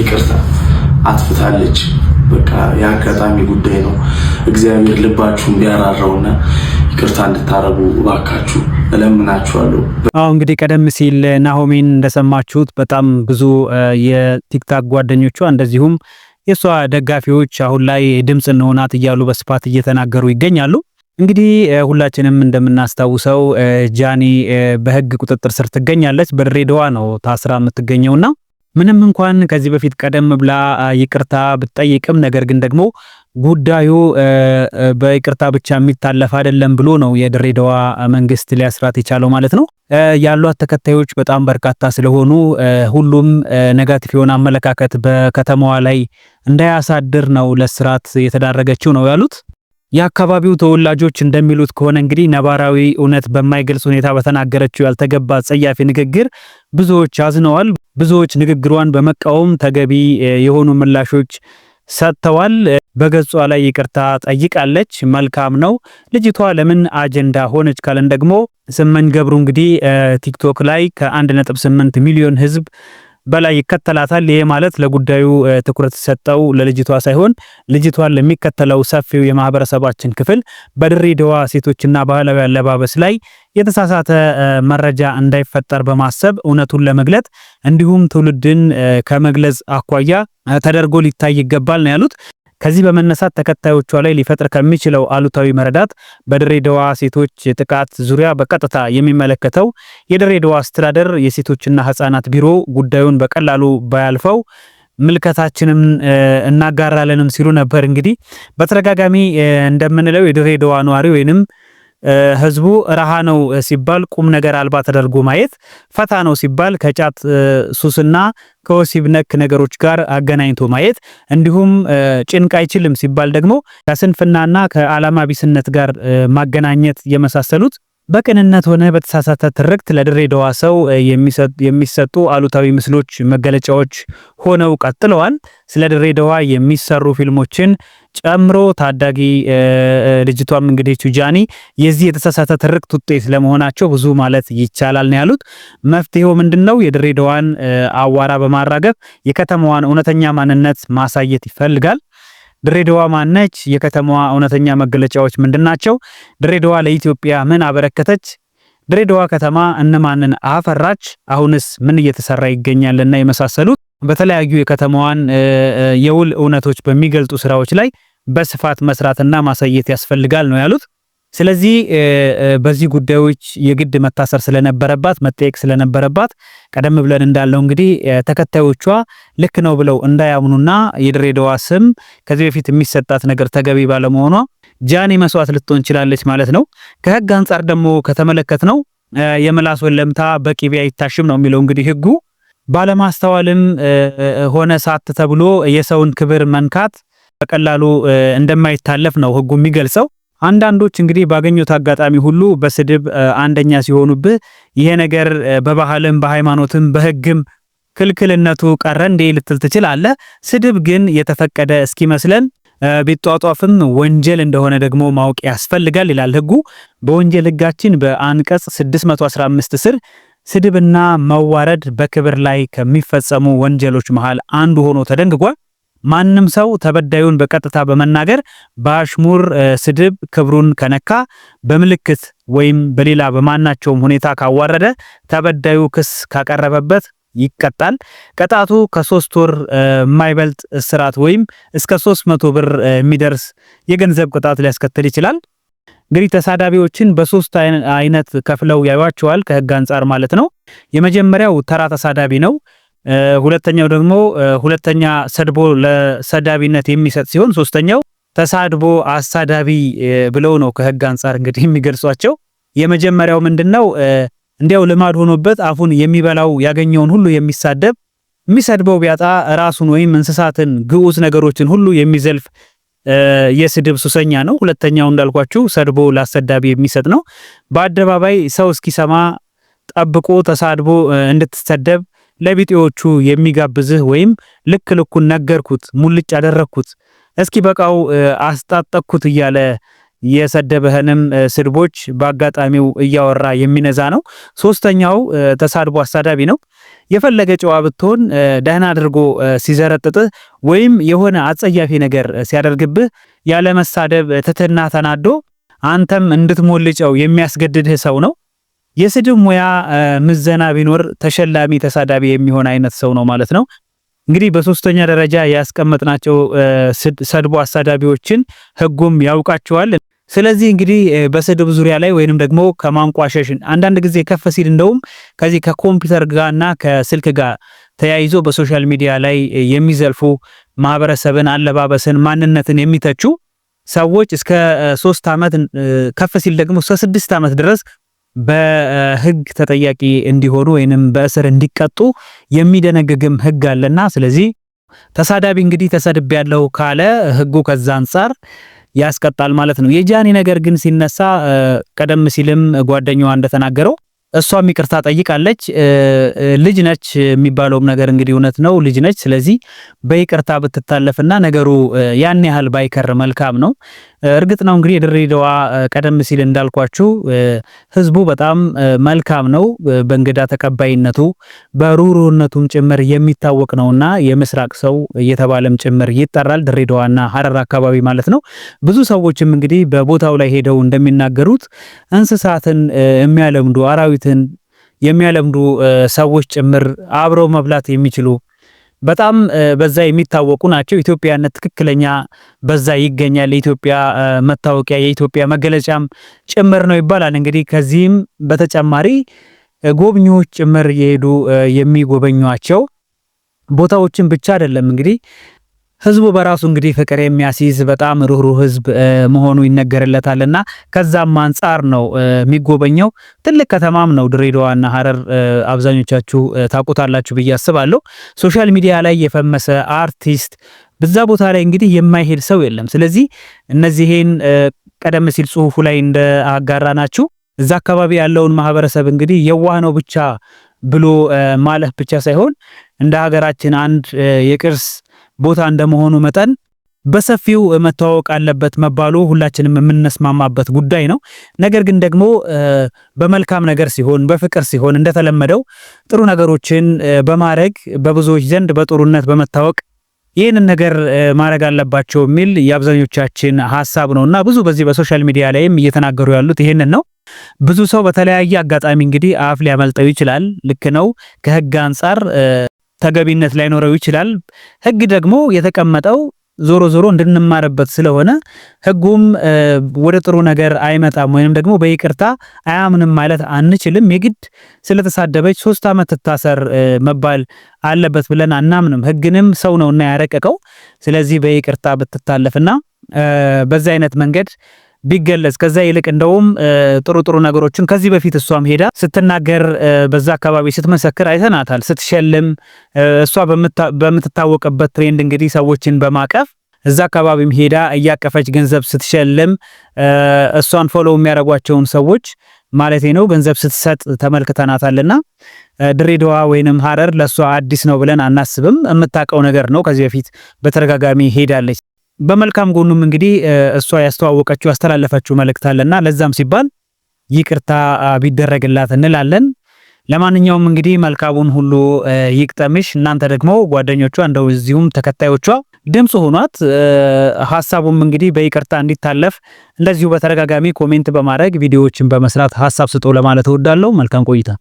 ይቅርታ አጥፍታለች፣ በቃ የአጋጣሚ ጉዳይ ነው። እግዚአብሔር ልባችሁ እንዲያራራውና ይቅርታ እንድታረጉ እባካችሁ እለምናችኋለሁ። አሁ እንግዲህ ቀደም ሲል ናሆሜን እንደሰማችሁት በጣም ብዙ የቲክታክ ጓደኞቿ እንደዚሁም የእሷ ደጋፊዎች አሁን ላይ ድምፅ እንሆናት እያሉ በስፋት እየተናገሩ ይገኛሉ። እንግዲህ ሁላችንም እንደምናስታውሰው ጃኒ በህግ ቁጥጥር ስር ትገኛለች። በድሬዳዋ ነው ታስራ የምትገኘውና ምንም እንኳን ከዚህ በፊት ቀደም ብላ ይቅርታ ብትጠይቅም ነገር ግን ደግሞ ጉዳዩ በይቅርታ ብቻ የሚታለፍ አይደለም ብሎ ነው የድሬዳዋ መንግስት ሊያስራት የቻለው ማለት ነው። ያሏት ተከታዮች በጣም በርካታ ስለሆኑ ሁሉም ነጋቲቭ የሆነ አመለካከት በከተማዋ ላይ እንዳያሳድር ነው ለስራት የተዳረገችው ነው ያሉት። የአካባቢው ተወላጆች እንደሚሉት ከሆነ እንግዲህ ነባራዊ እውነት በማይገልጽ ሁኔታ በተናገረችው ያልተገባ ጸያፊ ንግግር ብዙዎች አዝነዋል። ብዙዎች ንግግሯን በመቃወም ተገቢ የሆኑ ምላሾች ሰጥተዋል። በገጿ ላይ ይቅርታ ጠይቃለች። መልካም ነው። ልጅቷ ለምን አጀንዳ ሆነች ካለን ደግሞ ስመኝ ገብሩ እንግዲህ ቲክቶክ ላይ ከ1.8 ሚሊዮን ህዝብ በላይ ይከተላታል። ይሄ ማለት ለጉዳዩ ትኩረት ሰጠው ለልጅቷ ሳይሆን ልጅቷን ለሚከተለው ሰፊው የማህበረሰባችን ክፍል በድሬዳዋ ሴቶችና ባህላዊ አለባበስ ላይ የተሳሳተ መረጃ እንዳይፈጠር በማሰብ እውነቱን ለመግለጥ እንዲሁም ትውልድን ከመግለጽ አኳያ ተደርጎ ሊታይ ይገባል ነው ያሉት። ከዚህ በመነሳት ተከታዮቿ ላይ ሊፈጥር ከሚችለው አሉታዊ መረዳት በድሬዳዋ ሴቶች ጥቃት ዙሪያ በቀጥታ የሚመለከተው የድሬዳዋ አስተዳደር የሴቶችና ህጻናት ቢሮ ጉዳዩን በቀላሉ ባያልፈው ምልከታችንም እናጋራለንም ሲሉ ነበር። እንግዲህ በተደጋጋሚ እንደምንለው የድሬዳዋ ነዋሪ ወይንም ህዝቡ ረሃ ነው ሲባል ቁም ነገር አልባ ተደርጎ ማየት፣ ፈታ ነው ሲባል ከጫት ሱስና ከወሲብ ነክ ነገሮች ጋር አገናኝቶ ማየት፣ እንዲሁም ጭንቅ አይችልም ሲባል ደግሞ ከስንፍናና ከዓላማ ቢስነት ጋር ማገናኘት የመሳሰሉት በቅንነት ሆነ በተሳሳተ ትርክት ለድሬዳዋ ሰው የሚሰጡ አሉታዊ ምስሎች መገለጫዎች ሆነው ቀጥለዋል። ስለ ድሬዳዋ የሚሰሩ ፊልሞችን ጨምሮ ታዳጊ ልጅቷም እንግዲህ ቹጃኒ የዚህ የተሳሳተ ትርክት ውጤት ለመሆናቸው ብዙ ማለት ይቻላል ነው ያሉት። መፍትሄው ምንድን ነው? የድሬዳዋን አዋራ በማራገፍ የከተማዋን እውነተኛ ማንነት ማሳየት ይፈልጋል። ድሬዳዋ ማነች? የከተማዋ እውነተኛ መገለጫዎች ምንድን ናቸው? ድሬዳዋ ለኢትዮጵያ ምን አበረከተች? ድሬዳዋ ከተማ እነማንን አፈራች? አሁንስ ምን እየተሰራ ይገኛልና የመሳሰሉት በተለያዩ የከተማዋን የውል እውነቶች በሚገልጡ ስራዎች ላይ በስፋት መስራትና ማሳየት ያስፈልጋል ነው ያሉት። ስለዚህ በዚህ ጉዳዮች የግድ መታሰር ስለነበረባት መጠየቅ ስለነበረባት ቀደም ብለን እንዳለው እንግዲህ ተከታዮቿ ልክ ነው ብለው እንዳያምኑና የድሬዳዋ ስም ከዚህ በፊት የሚሰጣት ነገር ተገቢ ባለመሆኗ ጃኒ መስዋዕት ልትሆን ችላለች ማለት ነው። ከህግ አንጻር ደግሞ ከተመለከት ነው የምላስ ወለምታ በቅቤ አይታሽም ነው የሚለው እንግዲህ ህጉ። ባለማስተዋልም ሆነ ሳት ተብሎ የሰውን ክብር መንካት በቀላሉ እንደማይታለፍ ነው ህጉ የሚገልጸው። አንዳንዶች እንግዲህ ባገኙት አጋጣሚ ሁሉ በስድብ አንደኛ ሲሆኑብህ ይሄ ነገር በባህልም በሃይማኖትም በህግም ክልክልነቱ ቀረ እንዴ ልትል ትችላለህ። ስድብ ግን የተፈቀደ እስኪመስለን ቢጧጧፍም ወንጀል እንደሆነ ደግሞ ማወቅ ያስፈልጋል ይላል ህጉ። በወንጀል ህጋችን በአንቀጽ 615 ስር ስድብና መዋረድ በክብር ላይ ከሚፈጸሙ ወንጀሎች መሃል አንዱ ሆኖ ተደንግጓል። ማንም ሰው ተበዳዩን በቀጥታ በመናገር በአሽሙር ስድብ ክብሩን ከነካ በምልክት ወይም በሌላ በማናቸውም ሁኔታ ካዋረደ ተበዳዩ ክስ ካቀረበበት ይቀጣል። ቅጣቱ ከሶስት ወር የማይበልጥ እስራት ወይም እስከ 300 ብር የሚደርስ የገንዘብ ቅጣት ሊያስከትል ይችላል። እንግዲህ ተሳዳቢዎችን በሶስት አይነት ከፍለው ያዩዋቸዋል ከህግ አንጻር ማለት ነው። የመጀመሪያው ተራ ተሳዳቢ ነው። ሁለተኛው ደግሞ ሁለተኛ ሰድቦ ለሰዳቢነት የሚሰጥ ሲሆን ሶስተኛው ተሳድቦ አሳዳቢ ብለው ነው ከህግ አንጻር እንግዲህ የሚገልጿቸው። የመጀመሪያው ምንድነው? እንዲያው ልማድ ሆኖበት አፉን የሚበላው ያገኘውን ሁሉ የሚሳደብ የሚሰድበው ቢያጣ ራሱን ወይም እንስሳትን፣ ግዑዝ ነገሮችን ሁሉ የሚዘልፍ የስድብ ሱሰኛ ነው። ሁለተኛው እንዳልኳችሁ ሰድቦ ላሰዳቢ የሚሰጥ ነው። በአደባባይ ሰው እስኪሰማ ጠብቆ ተሳድቦ እንድትሰደብ ለቢጤዎቹ የሚጋብዝህ ወይም ልክ ልኩን ነገርኩት፣ ሙልጭ አደረግኩት፣ እስኪ በቃው አስጣጠቅኩት እያለ የሰደበህንም ስድቦች በአጋጣሚው እያወራ የሚነዛ ነው። ሶስተኛው ተሳድቦ አሳዳቢ ነው። የፈለገ ጨዋ ብትሆን ደህና አድርጎ ሲዘረጥጥህ ወይም የሆነ አጸያፊ ነገር ሲያደርግብህ ያለመሳደብ ትትና ተናዶ አንተም እንድትሞልጨው የሚያስገድድህ ሰው ነው። የስድብ ሙያ ምዘና ቢኖር ተሸላሚ ተሳዳቢ የሚሆን አይነት ሰው ነው ማለት ነው። እንግዲህ በሶስተኛ ደረጃ ያስቀመጥናቸው ሰድቦ አሳዳቢዎችን ህጉም ያውቃቸዋል። ስለዚህ እንግዲህ በስድብ ዙሪያ ላይ ወይንም ደግሞ ከማንቋሸሽ አንዳንድ ጊዜ ከፍ ሲል እንደውም ከዚህ ከኮምፒውተር ጋርና ከስልክ ጋር ተያይዞ በሶሻል ሚዲያ ላይ የሚዘልፉ ማህበረሰብን፣ አለባበስን፣ ማንነትን የሚተቹ ሰዎች እስከ ሶስት ዓመት ከፍ ሲል ደግሞ እስከ ስድስት ዓመት ድረስ በህግ ተጠያቂ እንዲሆኑ ወይንም በእስር እንዲቀጡ የሚደነግግም ህግ አለና ስለዚህ ተሳዳቢ እንግዲህ ተሰድብ ያለው ካለ ህጉ ከዛ አንጻር ያስቀጣል ማለት ነው። የጃኒ ነገር ግን ሲነሳ ቀደም ሲልም ጓደኛዋ እንደተናገረው እሷም ይቅርታ ጠይቃለች። ልጅ ነች የሚባለውም ነገር እንግዲህ እውነት ነው፣ ልጅ ነች። ስለዚህ በይቅርታ ብትታለፍና ነገሩ ያን ያህል ባይከር መልካም ነው። እርግጥ ነው እንግዲህ የድሬዳዋ ቀደም ሲል እንዳልኳችሁ ሕዝቡ በጣም መልካም ነው። በእንግዳ ተቀባይነቱ በሩሩነቱም ጭምር የሚታወቅ ነውና የምስራቅ ሰው እየተባለም ጭምር ይጠራል። ድሬዳዋና ሀረር አካባቢ ማለት ነው። ብዙ ሰዎችም እንግዲህ በቦታው ላይ ሄደው እንደሚናገሩት እንስሳትን የሚያለምዱ አራዊት ስሜትን የሚያለምዱ ሰዎች ጭምር አብረው መብላት የሚችሉ በጣም በዛ የሚታወቁ ናቸው። ኢትዮጵያነት ትክክለኛ በዛ ይገኛል። የኢትዮጵያ መታወቂያ የኢትዮጵያ መገለጫም ጭምር ነው ይባላል። እንግዲህ ከዚህም በተጨማሪ ጎብኚዎች ጭምር የሄዱ የሚጎበኟቸው ቦታዎችን ብቻ አይደለም እንግዲህ ህዝቡ በራሱ እንግዲህ ፍቅር የሚያስይዝ በጣም ሩህሩህ ህዝብ መሆኑ ይነገርለታል እና ከዛም አንጻር ነው የሚጎበኘው። ትልቅ ከተማም ነው ድሬዳዋና ሀረር አብዛኞቻችሁ ታውቁታላችሁ ብዬ አስባለሁ። ሶሻል ሚዲያ ላይ የፈመሰ አርቲስት በዛ ቦታ ላይ እንግዲህ የማይሄድ ሰው የለም። ስለዚህ እነዚህን ቀደም ሲል ጽሁፉ ላይ እንደ አጋራ ናችሁ እዛ አካባቢ ያለውን ማህበረሰብ እንግዲህ የዋህ ነው ብቻ ብሎ ማለፍ ብቻ ሳይሆን እንደ ሀገራችን አንድ የቅርስ ቦታ እንደመሆኑ መጠን በሰፊው መተዋወቅ አለበት መባሉ ሁላችንም የምንስማማበት ጉዳይ ነው። ነገር ግን ደግሞ በመልካም ነገር ሲሆን በፍቅር ሲሆን እንደተለመደው ጥሩ ነገሮችን በማድረግ በብዙዎች ዘንድ በጥሩነት በመታወቅ ይህንን ነገር ማድረግ አለባቸው የሚል የአብዛኞቻችን ሀሳብ ነው እና ብዙ በዚህ በሶሻል ሚዲያ ላይም እየተናገሩ ያሉት ይህንን ነው። ብዙ ሰው በተለያየ አጋጣሚ እንግዲህ አፍ ሊያመልጠው ይችላል። ልክ ነው። ከህግ አንጻር ተገቢነት ላይኖረው ይችላል። ህግ ደግሞ የተቀመጠው ዞሮ ዞሮ እንድንማርበት ስለሆነ ህጉም ወደ ጥሩ ነገር አይመጣም ወይንም ደግሞ በይቅርታ አያምንም ማለት አንችልም። የግድ ስለተሳደበች ሶስት ዓመት ትታሰር መባል አለበት ብለን አናምንም። ህግንም ሰው ነውና ያረቀቀው። ስለዚህ በይቅርታ ብትታለፍና በዚህ አይነት መንገድ ቢገለጽ ከዛ ይልቅ እንደውም ጥሩ ጥሩ ነገሮችን ከዚህ በፊት እሷም ሄዳ ስትናገር በዛ አካባቢ ስትመሰክር አይተናታል። ስትሸልም እሷ በምትታወቅበት ትሬንድ እንግዲህ ሰዎችን በማቀፍ እዛ አካባቢም ሄዳ እያቀፈች ገንዘብ ስትሸልም እሷን ፎሎ የሚያደርጓቸውን ሰዎች ማለቴ ነው ገንዘብ ስትሰጥ ተመልክተናታልና ድሬዳዋ ወይንም ሀረር ለእሷ አዲስ ነው ብለን አናስብም። የምታውቀው ነገር ነው። ከዚህ በፊት በተደጋጋሚ ሄዳለች። በመልካም ጎኑም እንግዲህ እሷ ያስተዋወቀችው ያስተላለፈችው መልእክት አለና ለዛም ሲባል ይቅርታ ቢደረግላት እንላለን። ለማንኛውም እንግዲህ መልካሙን ሁሉ ይቅጠምሽ። እናንተ ደግሞ ጓደኞቿ እንደው እዚሁም ተከታዮቿ ድምፅ ሆኗት ሀሳቡም እንግዲህ በይቅርታ እንዲታለፍ እንደዚሁ በተደጋጋሚ ኮሜንት በማድረግ ቪዲዮዎችን በመስራት ሀሳብ ስጦ ለማለት እወዳለሁ። መልካም ቆይታ